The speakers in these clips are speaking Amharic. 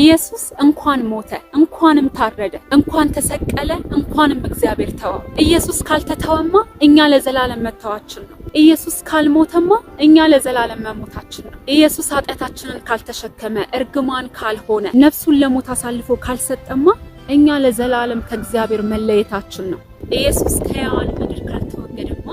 ኢየሱስ እንኳን ሞተ፣ እንኳንም ታረደ፣ እንኳን ተሰቀለ፣ እንኳንም እግዚአብሔር ተወ። ኢየሱስ ካልተተወማ እኛ ለዘላለም መተዋችን ነው። ኢየሱስ ካልሞተማ እኛ ለዘላለም መሞታችን ነው። ኢየሱስ ኃጢአታችንን ካልተሸከመ፣ እርግማን ካልሆነ፣ ነፍሱን ለሞት አሳልፎ ካልሰጠማ እኛ ለዘላለም ከእግዚአብሔር መለየታችን ነው። ኢየሱስ ከሕያዋን ምድር ካልተወገደማ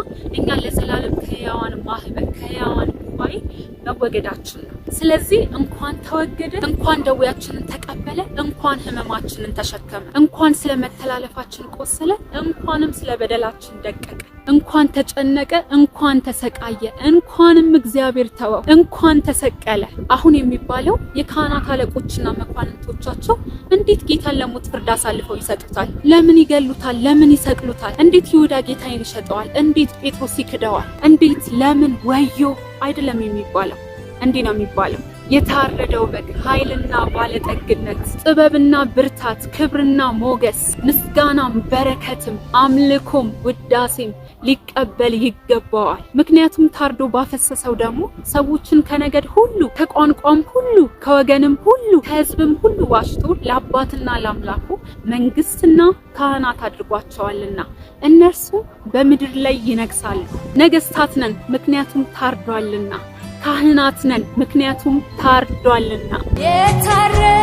መወገዳችን ነው። ስለዚህ እንኳን ተወገደ፣ እንኳን ደዌያችንን ተቀበለ፣ እንኳን ህመማችንን ተሸከመ፣ እንኳን ስለ መተላለፋችን ቆሰለ፣ እንኳንም ስለ በደላችን ደቀቀ፣ እንኳን ተጨነቀ፣ እንኳን ተሰቃየ፣ እንኳንም እግዚአብሔር ተወው፣ እንኳን ተሰቀለ። አሁን የሚባለው የካህናት አለቆችና መኳንንቶቻቸው እንዴት ጌታን ለሞት ፍርድ አሳልፈው ይሰጡታል? ለምን ይገሉታል? ለምን ይሰቅሉታል? እንዴት ይሁዳ ጌታን ይሸጠዋል? እንዴት ጴጥሮስ ይክደዋል? እንዴት ለምን ወዮ አይደለም የሚባለው፣ እንዲህ ነው የሚባለው። የታረደው በግ ኃይልና ባለጠግነት፣ ጥበብና ብርታት፣ ክብርና ሞገስ፣ ምስጋናም በረከትም፣ አምልኮም ውዳሴም ሊቀበል ይገባዋል። ምክንያቱም ታርዶ ባፈሰሰው ደግሞ ሰዎችን ከነገድ ሁሉ ከቋንቋም ሁሉ ከወገንም ሁሉ ከሕዝብም ሁሉ ዋሽቶ ለአባትና ለአምላኩ መንግስትና ካህናት አድርጓቸዋልና እነርሱ በምድር ላይ ይነግሳሉ። ነገስታት ነን፣ ምክንያቱም ታርዷልና። ካህናት ነን፣ ምክንያቱም ታርዷልና። የታረ